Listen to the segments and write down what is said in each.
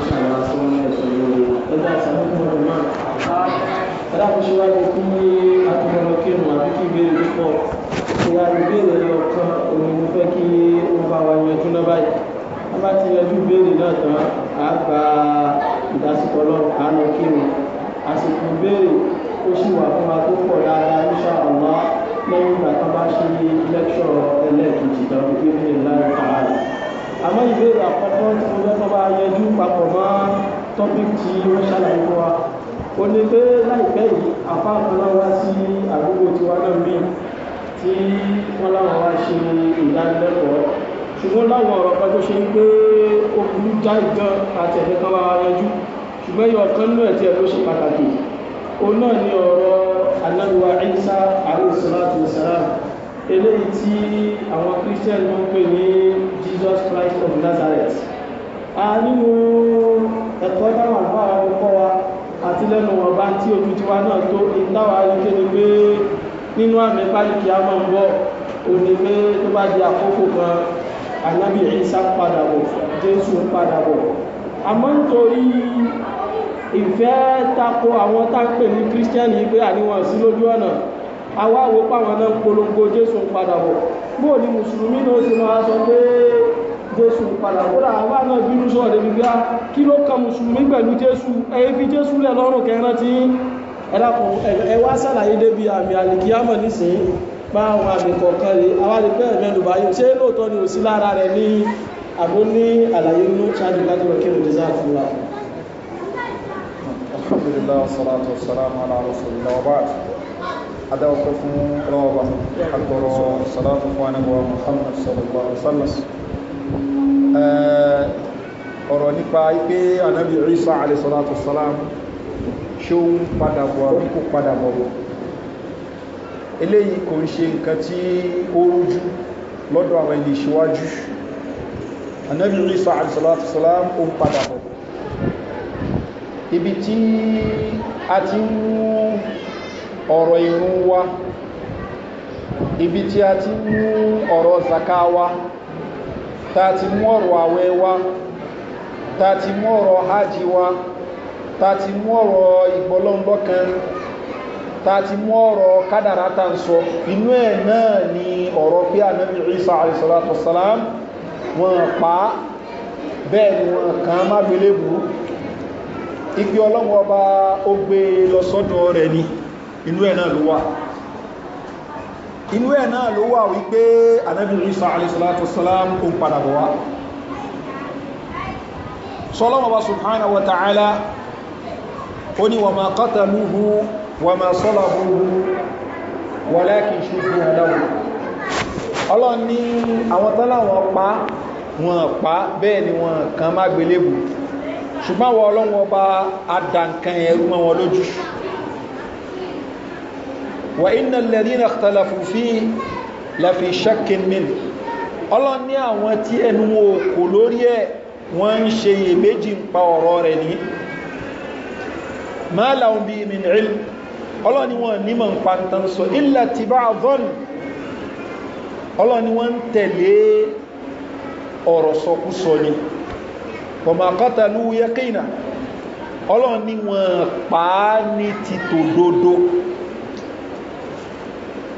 inshallah sun wani da su yi da za a samu kuma da ma a da ku shi wa ne kun yi akọ̀rọ̀ lọ́kẹ́ mu àbí kí ìbéèrè tó pọ̀ kí a lè béèrè lọ kan òun mo fẹ́ kí ó bá wa yanjú náà báyìí a bá ti yanjú béèrè náà tán a gba ìdásíkọ̀ lọ́rùn a lọ kí mu àsìkò ìbéèrè ó sì wà fún wa tó pọ̀ dáadáa inshallah lẹ́yìn ìgbà tó bá ṣe lẹ́kṣọ̀ ẹlẹ́ẹ̀kejì tàbí kí ó lè tààrà àmọ́ ìbéèrè àkọ́kọ́ tí mo fẹ́ bá yẹjú papọ̀ mọ́ topic tí wọ́n ṣàlàyé fún wa ó ní pé láìpẹ́ yìí àfáàkọ́lá wá sí àdúgbò tiwa náà mí tí wọ́n láwọn wá ṣe ìdánilẹ́kọ̀ọ́ ṣùgbọ́n láwọn ọ̀rọ̀ kan tó ṣe ń pé ó burú já ìdán àti ẹ̀fẹ́ kan bá yanjú ṣùgbọ́n yọ ọ̀kan náà tí ẹ̀ ló ṣe pàtàkì òun náà ni ọ̀rọ̀ anáwó Ìsá alayhi salatu wa salam eléyìí tí àwọn christian wọ́n pè ní jesus christ of nazareth a nínú ẹ̀kọ́ táwọn àbá àwọn kọ́ wa àti lẹ́nu ọba tí ojú tiwa náà tó ìtawà ayíkéde pé nínú àmì pálíkì a máa ń bọ̀ òní pé tó bá di àkókò kan ànábì Ìsá padà bọ̀ jésù padà bọ̀ àmọ́ nítorí ìfẹ́ tako àwọn tá a pè ní christian yìí pé àníwọ̀n sí lójú ọ̀nà àwa wo páwọn náà polongo jésù ń padà bọ̀ bó ni mùsùlùmí náà ti máa sọ pé jésù ń padà bọ̀ kódà àwa náà bínú sọ̀rọ̀ débi bí a ah, kí ló kan mùsùlùmí pẹ̀lú jésù ẹ̀yìn fi jésù lẹ̀ lọ́rùn kẹran tí ẹ̀dàkùn ẹ̀wá sàlàyé débi àmì àlìkíyàmọ̀ nísìnyí bá àwọn àmì kọ̀ọ̀kan rè àwa lè bẹ́ẹ̀ mẹ́nu báyìí ṣé lóòótọ́ ni ò sí lára rẹ̀ ní àbó ní àlàyé inú ṣáájú láti rọ̀ kí ló dé sáà fún wa. alhamdulilayi wa salatu wa salam ala rasulillah wa adáwọ̀pẹ́ fún ọlọ́ọ̀bá àtọ̀rọ̀ sàlátù fún àníwọ̀ Muhammad sallallahu alaihi wasallam ọ̀rọ̀ nípa ipé anábi Isa alaihi salatu wassalam ṣe ń padà bọ̀ kò padà bọ̀ eléyìí kò ń ṣe nǹkan tí ó rújú lọ́dọ̀ àwọn ilé ìṣíwájú ibi tí a ti ń ọ̀rọ̀ irun wa ibi tí a ti mú ọ̀rọ̀ zaka ta ti mú ọ̀rọ̀ àwẹ́ ta ti mú ọ̀rọ̀ hajji wa ta ti mú ọ̀rọ̀ kan, ta ti mú ọ̀rọ̀ kádàrá ta ń sọ inú ẹ̀ náà ni ọ̀rọ̀ pé ànábì isa wọn pa bẹ́ẹ̀ ni wọn kàn má ọba ó gbé e lọ ni. inú ẹ̀ náà ló wà inú ẹ̀ náà ló wà wípé anábì Isa alayhi salatu wassalam ó padà bọ̀ wá sọ́lọ́wọ́ bá subhanahu wa ta'ala ó ní wa ma qataluhu wa ma salabuhu walakin shubbiha lahu ọlọ́n ṣùgbọ́n wọ́n ọlọ́wọ́ adànkan ẹ̀rú wọn lójú وإن الذين اختلفوا فيه لفي شك منه ọlọ́n ní àwọn tí ẹnu òkò lórí ẹ̀ wọ́n ń ṣe yè méjì ń pa ọ̀rọ̀ rẹ̀ ní máa láwọn bí i mìíràn ọlọ́n ni wọ́n ní mọ̀ ń pa tán sọ ilẹ̀ ti bá vọ́n ọlọ́n ni wọ́n ń tẹ̀lé ọ̀rọ̀ sọkúsọ ni ọmọkọ́tàlú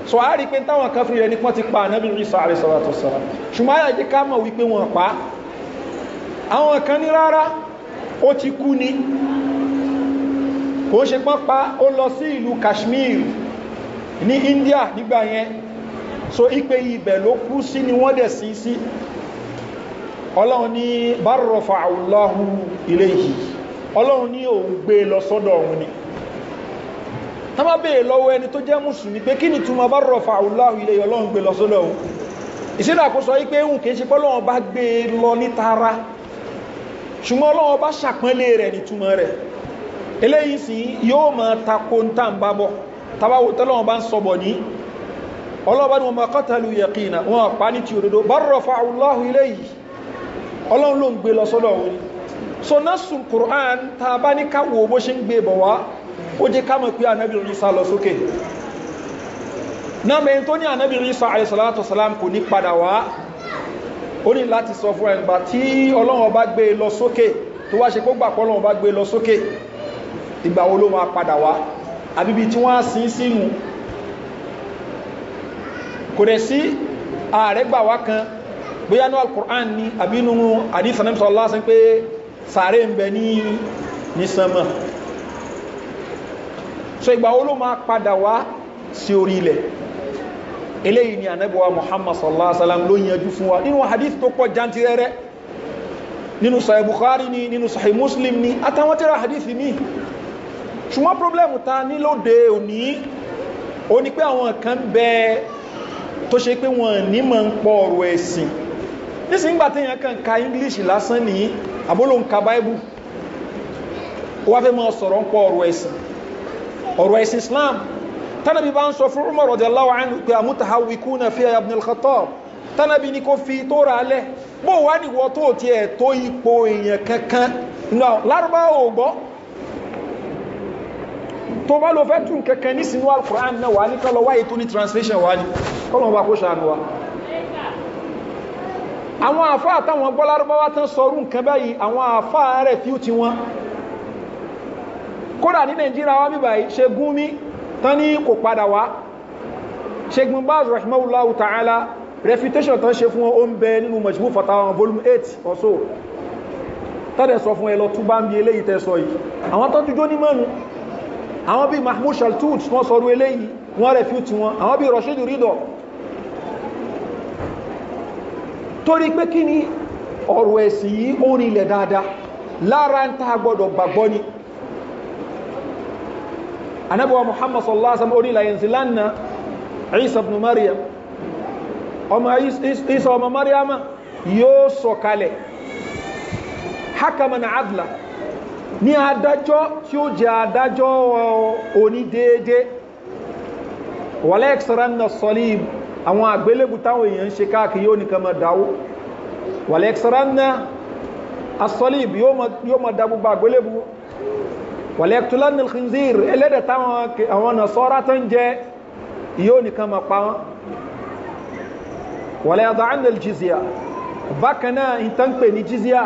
so a rí pé táwọn kan fìrí rẹ̀ nípọ́n ti pa ànábì Ìsá alayhi salatu wassalam ṣùgbọ́n àyà jẹ́ ká mọ̀ wípé wọn pa àwọn kan ní rárá ó ti kú ni kò ṣe pọ́n pa ó lọ sí ìlú Kashmir ní India nígbà yẹn so ipe ibẹ̀ ló kú sí ni wọ́n dẹ̀ sí sí ọlọ́run ní bá Allahu ilayhi ọlọ́run ní òun tán bá bèèrè lọ́wọ́ ẹni tó jẹ́ mùsùlùmí pé kí ni túnmọ̀ bá rọ̀ fà láhù ilẹ̀ ọlọ́run gbé lọ sọ́dọ̀ òun ìsìnà kó sọ wípé ń kìí ṣe pé ọlọ́run bá gbé lọ ní tara ṣùgbọ́n ọlọ́run bá ṣàpọ́nlé rẹ̀ ní túnmọ̀ rẹ̀ eléyìí sì yóò máa tako ń tàn bá bọ̀ tabawo so nasun quran ta bá ní káwò bó ṣe ń gbé bọ̀ ó jẹ́ ká mọ̀ pé ànábì Ìsá lọ sókè náà mẹ́rin tó ní ànábì Ìsá alayhi salatu wasalam kò ní padà wá ó ní láti sọ fún ẹgbà tí Ọlọ́run bá gbé e lọ sókè tó wá ṣe kó gbà pé e sin sínú kò dẹ̀ sí ààrẹ gbà wá kan bóyá ní al-Qur'an ni àbínú àdísanẹ́mùsọ̀ lásán pé sàárè ń bẹ ní nísànmọ́ so ìgbà wo ló máa padà wá sí orí ilẹ̀ eléyìí ni ànẹ́bọ̀wà muhammad sallallahu alaihi wasallam ló yanjú fún wa nínú hadith tó janti jantirẹrẹ nínú sahih bukhari ni nínú sahih muslim ni àtàwọn tẹ́rà hadith ni ṣùgbọ́n problem ta ní lóde òní ó ní pé àwọn kan bẹ tó ṣe pé wọn ní mọ̀ ń pọ̀ ọ̀rọ̀ ẹ̀sìn nísìngbà téèyàn kan ka english lásán ní àbólóǹkà bible ó wá fẹ́ mọ́ sọ̀rọ̀ ń pọ̀ ọ̀rọ̀ ẹ̀sìn islam tánàbí bá ń sọ fún umar radiyallahu anhu pé amutahawwikuna fiha ya ibn al-khattab tánàbí ni kò fi tó ra alẹ́ bó wá níwọ tó ti ẹ̀ tó ipò èèyàn kankan lárúbá ò gbọ́ tó bá lọ fẹ́ tún kankan ní sinú al-Qur'an náà wà ní kọlọ wáyé tó ní translation wà ní kọlọ bá kó ṣàánú wa àwọn àfáà táwọn gbọ́ lárúbáwá tán sọrú nǹkan báyìí àwọn àfáà rẹ̀ fíù ti wọn kódà ní nàìjíríà wá bíbà yìí ṣe gún mí tán ní kò padà wá ṣe gbùn bá rahimahullahu ta'ala refutation tán ṣe fún o ń bẹ nínú majmu fatawa volume 8 ọ̀sọ́ tọ́dẹ̀ sọ fún ẹlọ túbá ń bí eléyìí tẹ́sọ yìí àwọn tó tújó ní mọ́nu àwọn bí mahmoud shaltut wọ́n sọrú eléyìí wọ́n refute wọn àwọn bí rashid ridọ torí pé kí ni ọ̀rọ̀ ẹ̀sìn yìí ó rí dáadáa lára ń tá gbọ́dọ̀ gbàgbọ́ ni anabuwa muhammad sallallahu alaihi wasallam onílà yanzilanna isa ibn maryam ọmọ isa ọmọ maryam yóò sọ̀kalẹ̀ hakaman adla ní adájọ́ tí ó jẹ adájọ́ oní uh, déédé wàlẹ́ẹ̀kìsàránà sọlíb àwọn àgbélébù táwọn èèyàn ń ṣe káàkiri yóò nìkan mọ̀ dáwó wàlẹ́ẹ̀kìsàránà asọlíb yóò mọ̀ dá gbogbo àgbélébù wàlẹ́kùtùlá ní khinzir ẹlẹ́dẹ̀ táwọn àwọn nasọ́ra tó ń jẹ yóò nìkan ma pa wọn wàlẹ́ àdá àndà jizya bákan náà ìtàn pè ní jizya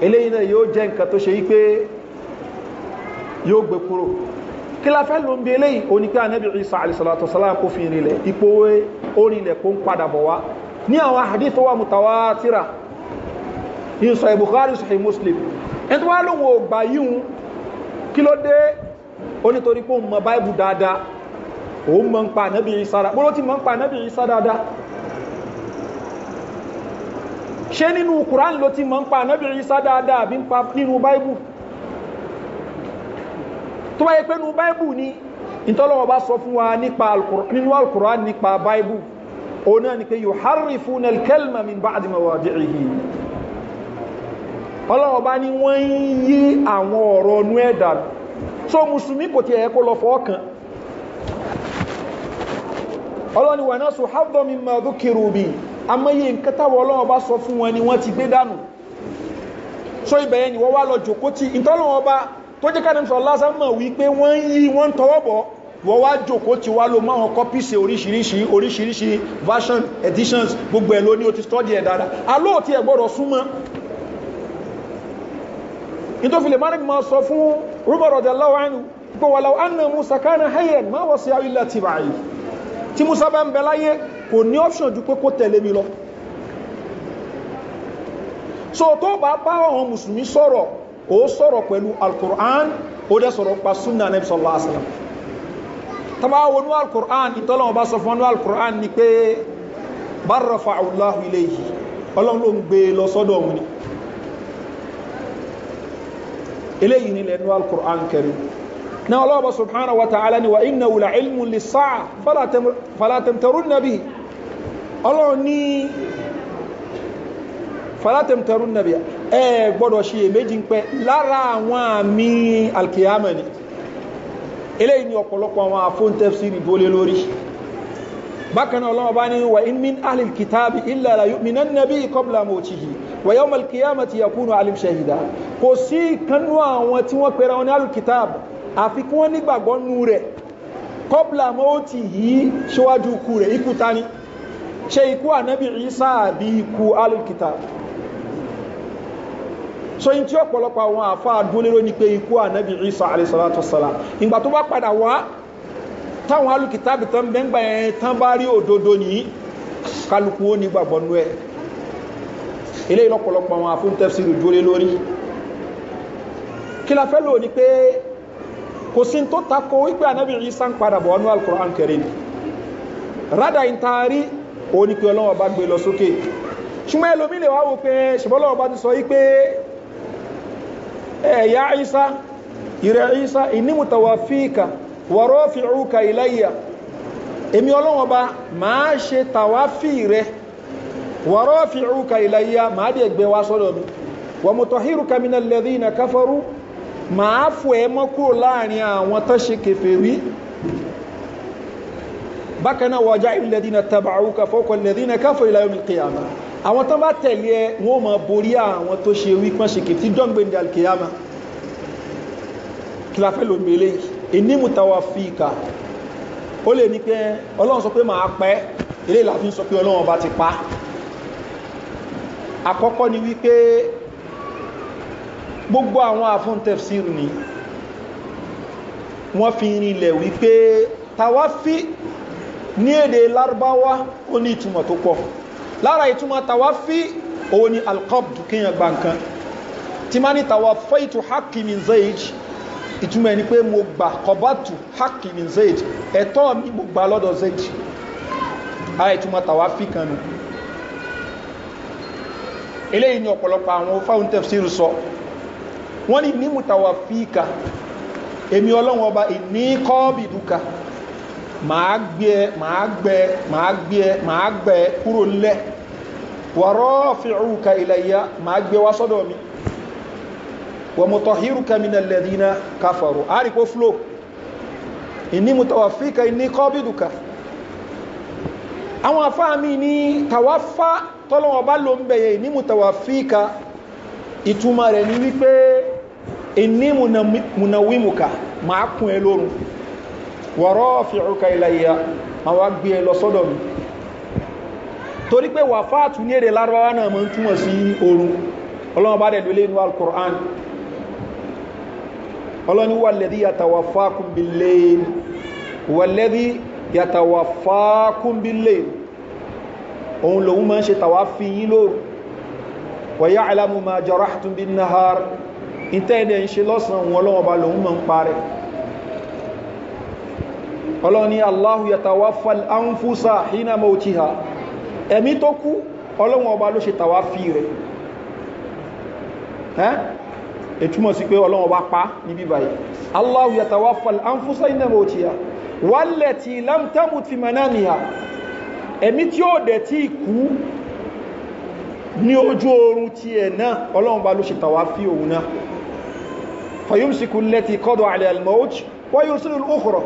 eléyìí náà yóò jẹ́ nǹkan tó ṣe yí yóò gbé kúrò kí la fẹ́ ló bí eléyìí o anábì isa alìsàlátọ̀ sálá kó fi ìrìnlẹ̀ ipò kí ló dé ó nítorí pé òun mọ báìbù dáadáa òun mọ ń pa ànábì ìsára bó ló ti mọ ń pa ànábì ìsá dáadáa ṣé nínú kùrán ló ti mọ ń pa ànábì ìsá dáadáa àbí ń pa nínú báìbù tó wáyé pé nínú báìbù ni ìtọ́lọ́wọ́ bá sọ fún wa nínú alkùrán nípa báìbù ọlọ́wọ́ bá ní wọ́n ń yí àwọn ọ̀rọ̀ ọnú ẹ̀dà so musulmi kò tí ẹ̀yẹ kó lọ fọ́ọ̀kan ọlọ́ni wà náà so hafdomi mọ̀ọ́dún kiri obi amáyé nǹkan táwọn ọlọ́wọ́ bá sọ fún wọn ni wọ́n ti gbé so ibẹ̀yẹ ni wọ́n wá lọ jòkó tí ìtọ́lọ́wọ́ bá tó jẹ́ káàdì sọ lásán mọ̀ wípé wá ló máa kọ́pí sí oríṣiríṣi oríṣiríṣi version editions gbogbo ẹ̀ lóní o ti study ẹ̀ dáadáa alóòtí ẹ̀ gbọ́dọ̀ súnmọ́ ní tó fi lè márùn-ún máa sọ fún Umar radiyallahu anhu pé wà láwọn anna Musa kana hayyan ma wọ́n sí àrílẹ̀ ti báyìí tí Musa bá ń bẹ láyé kò ní option ju pé kó tẹ̀lé mi lọ so tó bá bá àwọn mùsùlùmí sọ̀rọ̀ ó sọ̀rọ̀ pẹ̀lú al-Qur'an ó dẹ̀ sọ̀rọ̀ pa sunnah eléyìí ni القرآن al-Qur'an الله سبحانه وتعالى subhanahu wa للصاع فلا تمر فلا wùlà ilmu lè sáà falatemtaru nabi ọlọ́run ní falatemtaru nabi ẹ gbọ́dọ̀ ṣe èméjì ń pẹ́ lára àwọn àmì alkiyama ni eléyìí ni ọ̀pọ̀lọpọ̀ àwọn afóntẹ́fsìrì dólé lórí bákan náà ọlọ́ọ̀bá ni wa in min ahlil kitabi illa la yu'minan nabi qabla wa yawmal qiyamati yakunu alim shahida kò sí ìkanú àwọn tí wọ́n pera wọn ní alukitab àfi kí wọ́n nígbàgbọ́ nú rẹ̀ kọ́bla mọ́tì yìí ṣíwájú ikú rẹ̀ ikú tani ṣe ikú ànábì Isa àbí ikú so in tí ọ̀pọ̀lọpọ̀ àwọn àfá àdúlérò ní pé ikú ànábì Isa alayhi salatu wassalam ìgbà tó bá padà wá táwọn alùkìtàbì tán bẹ́ngbà ẹ̀ tán bá rí òdodo ní kálukú ó nígbàgbọ́nú ẹ̀ ilé ìlọ́pọ̀lọpọ̀ àwọn afún tẹ́fsìrì dúró lórí kí la fẹ́ lò ní pé kò sí tó takò wípé anábì isa ń padà bọ̀ ọ́nú alkùnrán kẹrin rádà ń taari ó ní pé ọlọ́wọ́ bá gbé lọ sókè ṣùgbọ́n ẹlòmí lè wá pé ṣùgbọ́lọ́wọ́ isa ìrẹ̀ isa ìnímùtàwà fíìkà wọ̀rọ̀ fi rúkà iláyà èmi ọlọ́wọ́ wa rafi'uka ilayya máa dẹ̀ gbé wá sọ́dọ̀ mi wa mutahhiruka minal ladhina kafaru máa fò ẹ́ mọ́ kúrò láàrin àwọn tó ṣe kèfèrí bákan náà wa ja'ilu ladhina taba'uka fawqa alladhina kafaru ila yawmil qiyamah àwọn tó bá tẹ̀lé ẹ wọ́n máa borí àwọn tó ṣe wí pọ́n ṣe ilé ìlàfin sọ pé ọlọ́run ọba ti pa àkọ́kọ́ ni wípé gbogbo àwọn àfúntẹ̀fsìrù ni wọ́n fi rinlẹ̀ wípé tàwáfí ní èdè lárúbáwá ó ní ìtumọ̀ tó pọ̀ lára ìtumọ̀ tàwáfí òun ni alkọ́bù kíyàn gba nǹkan tí má ní tàwáfẹ́ ìtù hakimi zaid ìtumọ̀ ni pé mo gbà kọbátù hakimi zaid ẹ̀tọ́ mi mo gbà lọ́dọ̀ zaid ara ìtumọ̀ tàwáfí kan nù eléyìí ni ọ̀pọ̀lọpọ̀ àwọn fáwọn tẹ̀síru sọ wọ́n ni ní mùtàwà fíìkà èmi ọlọ́run ọba ìní kọ́ọ̀bì dùkà màá gbé ẹ màá gbé ẹ màá gbé ẹ màá gbé ẹ kúrò lẹ̀ wọ̀rọ̀ fìrùkà ìlàyà màá wá sọ́dọ̀ mi wọ́n mọ̀tọ̀ tọ́lọ́wọ́ bá ló ń bẹ̀yẹ ní mutawafika ìtumà rẹ̀ ní wípé iní munawimuka ma kún ẹ lórun wọ̀rọ̀ fìrúkà ìlàyà ma wá gbé ẹ lọ sọ́dọ̀ mi torí pé wà fàátù ní èdè larabawa náà ma ń túnmọ̀ sí orun ọlọ́wọ́ bá òun lòun máa ń ṣe tàwá fi yí lóòrù wọ̀yá alamu ma jọra tún bí nahar ìtẹ́ẹ̀dẹ̀ ń ṣe lọ́sàn wọn lọ́wọ́ bá lòun máa ń parẹ́ ọlọ́ni aláhù yàtàwá fàlánfúsà hínà mọ́tí ha ẹ̀mí tó kú ọlọ́wọ́ ọba ló ṣe tàwá ìtumọ̀ sí pé ọlọ́wọ́ bá pa níbí báyìí aláhù yàtàwá fàlánfúsà hínà mọ́tí ha wálẹ̀ tí lámtàmù ti mẹ́nàmìyà ẹ̀mí tí ó dẹ̀ tí kú ní ojú oorun ti ẹ̀ náà ọlọ́run bá ló ṣe tàwà fí òun náà fayúmsìkú lẹ́ti kọ́dọ̀ alẹ́ almohaj wọ́n yóò sínú òkúrọ̀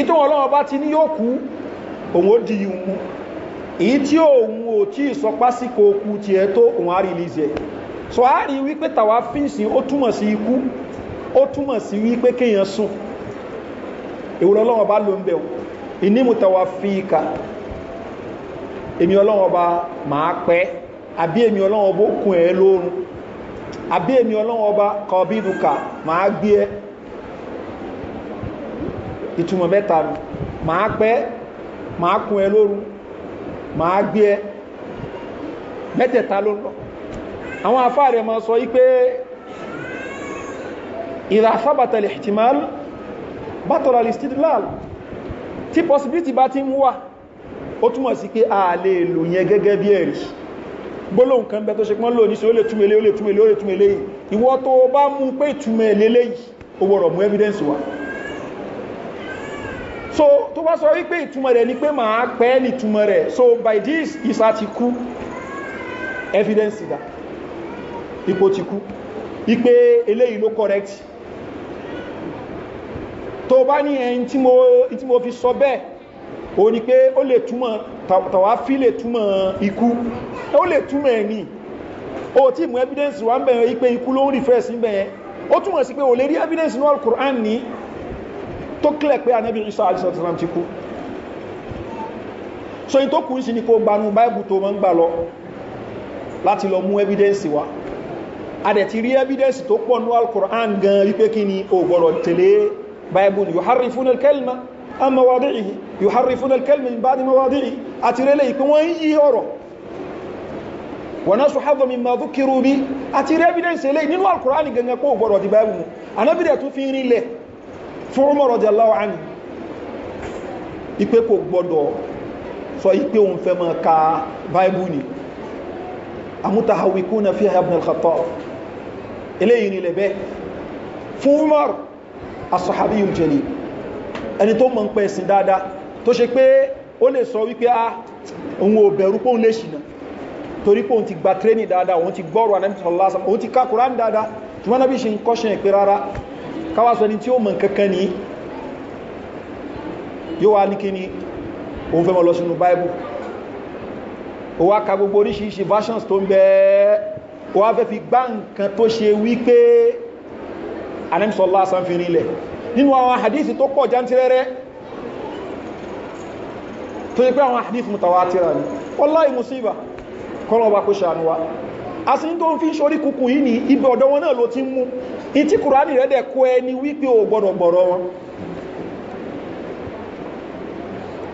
ìtò ọlọ́run bá ti ní yóò kú òun ó di mú èyí tí ti ẹ tó òun á rí bá ló ìní mú tàwà fíìkà èmi ọlọ́wọ́ bá máa pẹ́ àbí èmi ọlọ́wọ́ bó kún ẹ lórun àbí èmi ọlọ́wọ́ bá kọ bí ìdúkà máa gbé ẹ ìtumọ̀ mẹ́ta nù máa pẹ́ máa kún ẹ lórun máa gbé ẹ mẹ́tẹ̀ta ló lọ àwọn afáà rẹ̀ sọ wípé ìlà sábàtà lè ṣìtìmáàlù bátọ̀rọ̀ lè ṣìtìmáàlù tí possibility bá ti ń wà ó túnmọ̀ sí pé a lè lò yẹn gẹ́gẹ́ bí ẹ̀rí gbólóhùn kan bẹ tó ṣe pọ́n lò ní sí ó lè túnmẹ̀lé ó lè túnmẹ̀lé ó lè túnmẹ̀lé ìwọ tó bá mú pé ìtúnmẹ̀lé léyìí ó wọ̀rọ̀ mú evidence wa so tó bá sọ wípé ìtumọ̀ rẹ̀ ni pé màá pẹ́ ní ìtumọ̀ rẹ̀ so by this isa ti da ipò ti kú ipé eléyìí ló correct tó bá ní ẹni tí mo fi sọ bẹ́ẹ̀ o ni pé ó lè túmọ̀ tàwáfí lè túmọ̀ ikú ó lè túmọ̀ ẹ̀ ní o tí mú evidence wà ń bẹ̀rẹ̀ ipé ikú ló ń rí fẹ́ sí bẹ̀rẹ̀ ó túmọ̀ sí pé o lè rí evidence ní al-Qur'an ní tó kílẹ̀ pé anábì Isa alisalaam ti kú so in tó kú sí ni kó gbanú báìbù tó mọ́ ń gbà lọ láti lọ mú evidence wá adẹ̀ ti rí evidence tó pọ̀ ní al-Qur'an gan wípé kí ni o tẹ̀lé báìbù yóò harifun al-kalima amma wadi'ihi yuharrifuna al-kalima min ba'di mawadi'i àti rẹ̀lẹ̀ ìpín wọ́n yí ọ̀rọ̀ wa nasu hadha mimma dhukiru bi àti rẹ̀ evidence ilé nínú al-Qur'ani gangan kó gbọ́rọ̀ di báyìí mu anábì dẹ̀ tún fi ń rinlẹ̀ fún Umar radiyallahu anhu ipe kò gbọ́dọ̀ sọ ipe òun fẹ́ mọ́ ka báyìí ni amutahawikuna fiha ibn al-Khattab eléyìí ni lẹ́bẹ́ fún Umar as-sahabiyyul jalil ẹni tó mọ̀ ń sin dáadáa tó ṣe pé ó lè sọ wípé a ah, òun ò bẹ̀rù pé òun lè ṣìnà torí pé òun ti gba tírénì dáadáa òun ti gbọ́rọ̀ anẹ́mìtìlọ́lásán òun ti ká kùránì dáadáa ṣùgbọ́n náà bí ṣe ń kọ́ṣẹ́ ìpé rárá káwàsọ ní ni òun fẹ́ mọ́ lọ fi gbá nǹkan tó ṣe wípé anẹ́mìtìlọ́lásán fi rinlẹ̀ nínú àwọn hadith tó pọ̀ jantirẹ́rẹ́ tó yí pé àwọn hadith mutawatira ni wallahi musiba kọ́lọ̀ kó ṣàánú wa a sì ń tó ń fi ṣorí kúkú yìí ní ibi ọ̀dọ́ wọn náà ló ti mú ìtí kùránì rẹ̀ dẹ̀ kó ẹni wípé o gbọ́dọ̀ gbọ́rọ̀ wọn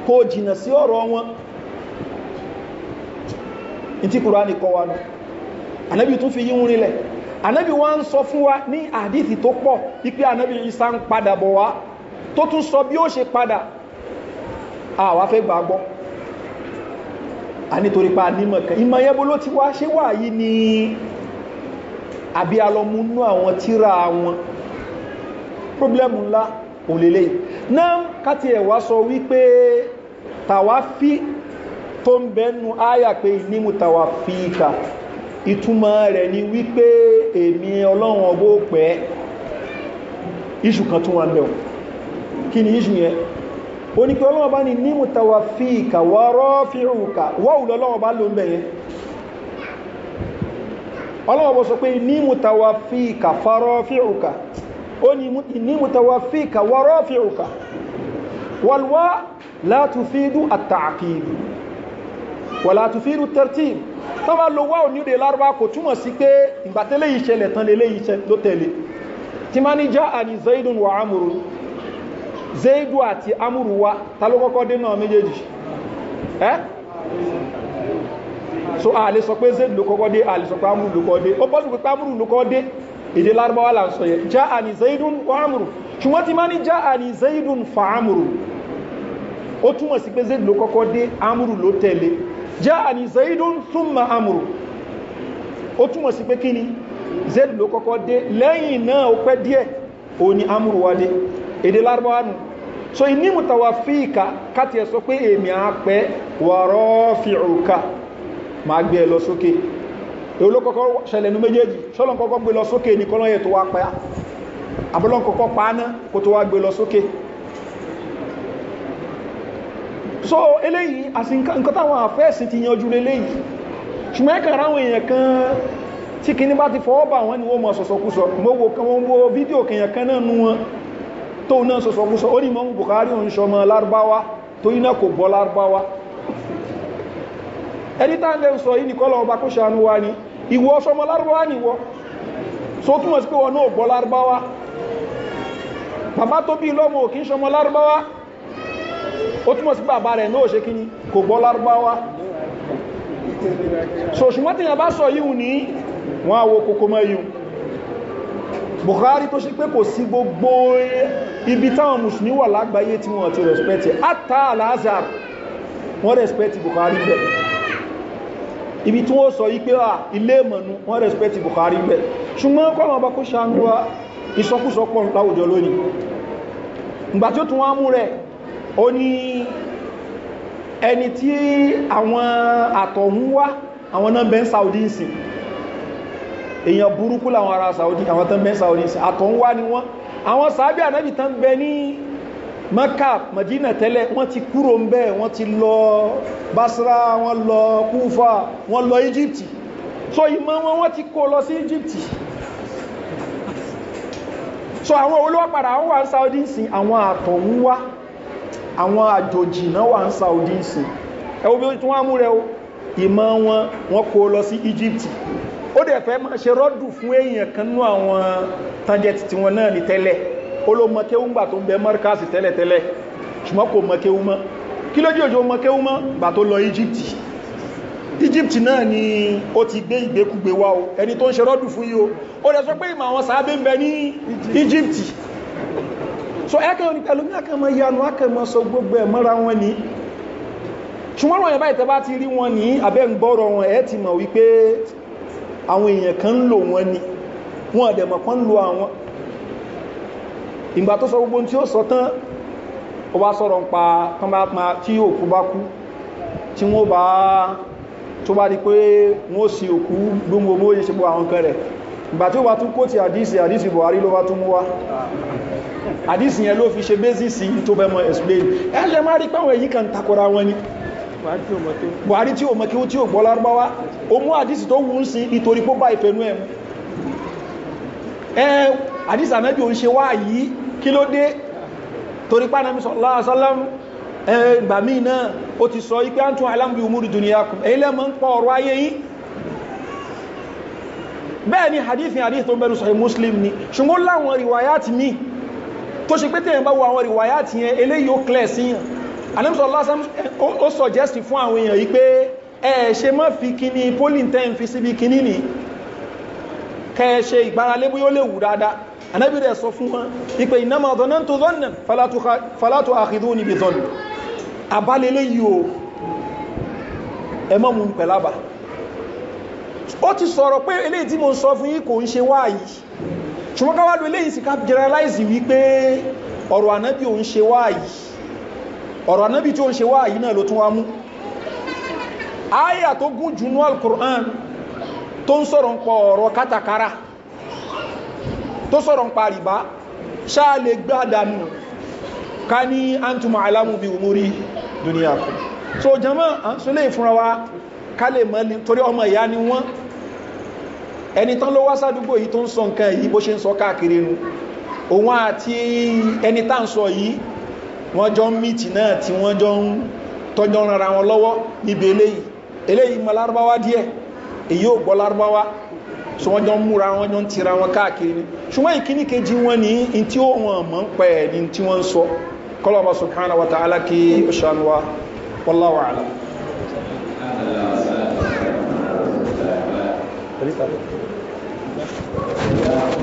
kó jìnà sí ọ̀rọ̀ wọn ìtí kùránì kọ wa nù anábì tún fi yí ń rinlẹ̀ anábì wọ́n ń sọ fún wa ní àdífì tó pọ̀ ipé anábì isa ń padà bọ̀ wá tó tún sọ bí ó ṣe padà àwá fẹ́ gbàgbọ́ a nítorí pa nímọ̀ kan ìmọ̀ yẹ́bó ló ti wá ṣe wà yìí ni àbí alọmúnú àwọn tíra wọn problem ńlá òlélẹ̀ náà káti ẹ̀wà sọ wípé tàwáfí tó ń bẹ́nu áyà pé nímú tàwáfíìkà ìtumọ̀ rẹ̀ ni wípé èmi ọlọ́run ọgbó pẹ́ iṣù kan tún wà ń bẹ̀rù kí ni iṣù yẹn ó ní pé ọlọ́wọ́ bá ní ní mutawafika wa rafi'uka wọ́wù lọ́wọ́ bá ló ń bẹ̀yẹ ọlọ́wọ́ bọ́ sọ pé ní mutawafika fa rafi'uka ó ní mutawafika wa rafi'uka walwa la ní ìdè lárúbá kò túmọ̀ sí pé ìgbàtẹ́lẹ̀ ìṣẹ̀lẹ̀ tán lè lè ìṣẹ́ ló tẹ̀lé já àní zaidun wa amurun zaidu àti amúrù wa ta ló kọ́kọ́ méjèèjì ẹ́ eh? so a lè sọ pé zaidu ló kọ́kọ́ dé a lè sọ pé amúrù ló kọ́kọ́ dé ó bọ́ sí pé amúrù ló kọ́kọ́ dé èdè lárúbáwá là ń sọ yẹ já àní zaidun wa amúrù ṣùgbọ́n ti máa ní já àní zaidun fa amúrù ó túmọ̀ sí pé zaidu ló kọ́kọ́ dé amúrù ló tẹ̀lé já àní zaidun súnmọ́ amúrù ó túmọ̀ sí pé kí ni zaidu ló kọ́kọ́ dé lẹ́yìn náà ó pẹ́ díẹ̀ òun ni amúrù wá dé èdè lárúbáwánu so iní mùtàwà fíìkà káti ẹ̀ sọ pé èmì àpẹ́ wọ̀rọ̀ fìrùkà ma gbé ẹ lọ sókè èwò kọ́kọ́ ṣẹlẹ̀nú méjèèjì ṣọ́lọ́n kọ́kọ́ gbé lọ sókè ní kọ́lọ́yẹ tó wá pẹ́ àbúlọ́n pàánà kó tó wá gbé lọ sókè so eléyìí àti nǹkan táwọn àfẹ́ẹ̀sì ti yanjú léléyìí ṣùgbọ́n ẹ̀kàn ráwọn èèyàn kan tí kìíní bá ti fọwọ́ bà ni wọ́n mọ̀ sọ̀sọ̀kúsọ̀ mọ́wọ́ kan wọ́n wó fídíò kìíyàn kan náà nú wọn tó náà sọ̀sọ̀ kúsọ̀ ó ní mọ́ Bukhari ń sọmọ lárúbáwá tó iná kò gbọ́ lárúbáwá ẹni tá ń lẹ́ sọ yìí nìkọ́lọ̀ ọba kó ṣàánú wa ni ìwọ sọmọ lárúbáwá ni wọ so túnmọ̀ sí pé wọn náà gbọ́ lárúbáwá bàbá tó bí lọ́mọ ò kí ń Bukhari tó ṣe pé kò sí gbogbo ibi táwọn musulmi wà lágbàáyé tí wọ́n ti respect àtà al-azhar wọ́n respect bukhari bẹ̀ ibi tí wọ́n sọ ipé à ah, ilé ìmọ̀nù wọ́n respect bukhari bẹ̀ ṣùgbọ́n kọ́nà ọba kó ṣàánú wa ìsọkúsọ pọ̀ láwùjọ lónìí ìgbà tí ó saudi ìsìn èèyàn burúkú làwọn ará saudi àwọn tán bẹ́ saudi ìsìn àtọ̀hún wá ni wọ́n àwọn sàábí ànábì tán bẹ ní maka madina tẹ́lẹ̀ wọ́n ti kúrò ń bẹ́ wọ́n ti lọ basra wọ́n lọ kúfà wọ́n lọ Egypti so ìmọ̀ wọn wọ́n ti kó lọ sí egypt so àwọn olówó padà wọ́n wà ń saudi sin àwọn àtọ̀hún wá àwọn àjòjì náà wà ń saudi sin ẹwọ́ bí wọ́n mú rẹ̀ ìmọ̀ wọn wọ́n kó lọ sí egypt dẹ̀ fẹ́ máa ṣe rọ́dù fún èèyàn kan nú àwọn tangent tí wọn náà ní tẹ́lẹ̀ ó ló mọ́kéwú gbà tó ń bẹ mọ́ríkàsì tẹ́lẹ̀tẹ́lẹ̀ ṣùgbọ́n kò mọ́kéwú ni o ẹni tó ń ṣe rọ́dù fún yìí o ó dẹ̀ sọ pé so ẹkẹ́ òní pẹ̀lú ní akẹ́mọ̀ yanu akẹ́mọ̀ sọ gbogbo ẹ̀ mọ́ra wọn ni ṣùgbọ́n wọn yẹn báyìí tẹ́ ti rí wọn ní abẹ́ ń gbọ́rọ̀ wọn ẹ̀ ti mọ̀ wípé àwọn èèyàn kan lò wọ́n ni wọ́n àdẹ̀mọ̀ kan lò àwọn ìgbà tó sọ gbogbo tí ó sọ tán ó bá sọ̀rọ̀ ń pa tí òkú bá kú tí wọ́n bá tó bá di pé wọ́n sì òkú gbogbo yìí ṣe gbogbo àwọn kan rẹ̀ ìgbà tí ó bá tún kó ti àdísì àdísì buhari ló bá tún mú mọ́ buhari tí o mọ̀ kí o tí o gbọ́ lárúbáwá o mú àdísì tó wù ń sí nítorí pó bá ìfẹ̀nú ẹ̀mú àdísì àmẹ́bí o ń ṣe wá yìí kí ló dé torí pá nàmí sọ́lọ́sọ́lọ́m ẹgbà míì náà o ti sọ ipé àtún alámbi umúrù dùnìyàkùn èyí lẹ́mọ́ ń pọ̀ ọ̀rọ̀ ayé hadith ni hadith tó bẹ̀rù sọ̀rọ̀ muslim ni ṣùgbọ́n láwọn rìwáyàtì míì tó ṣe pé tẹ̀yìn bá wo anamsọ lásán ó sọjẹ́sì fún àwọn èèyàn yìí pé ẹ ṣe mọ́ fi kíní polin tẹ́ fi síbi kíní ni kẹ ṣe ìgbáralé bóyá ó lè wù dáadáa anábì rẹ̀ sọ fún wọn ipé ìnáma ọ̀dọ̀nà tó zọ́nà falátò àkìdó níbi zọ́nà àbálélé yìí generalize wípé ọ̀rọ̀ anábì ò ṣe wáyìí ọ̀rọ̀ anábì tí ó ń ṣe wá yìí náà ló tún wá mú áyà tó gùn jù ní alkùnrán tó ń sọ̀rọ̀ ń pọ̀ ọ̀rọ̀ kátàkárà tó sọ̀rọ̀ ń pa àrìbá ṣáà ká ní antuma alamu bí umuri duniya kù so jama an so lè fúnra wa ká lè mọ́ ní torí ọmọ ìyá ni wọ́n ẹni tán ló wá sádúgbò yìí tó ń sọ nǹkan yìí bó ṣe ń sọ káàkiri nu òun àti ẹni tá ń sọ yìí wọ́n jọ ń mìtì náà tí wọ́n jọ ń tọ́jọ́ rara wọn lọ́wọ́ níbi eléyìí eléyìí ma lárúbáwá díẹ̀ èyí ò gbọ́ lárúbáwá so wọ́n jọ ń múra wọn jọ ń tira wọn káàkiri ni ṣùgbọ́n ìkíní kejì wọn ní in tí ó wọn mọ̀ ń pẹ̀ ní tí wọ́n ń sọ kọlọ́ọ̀bá subhanahu wa ta'ala kí ó ṣàánú wa a'lam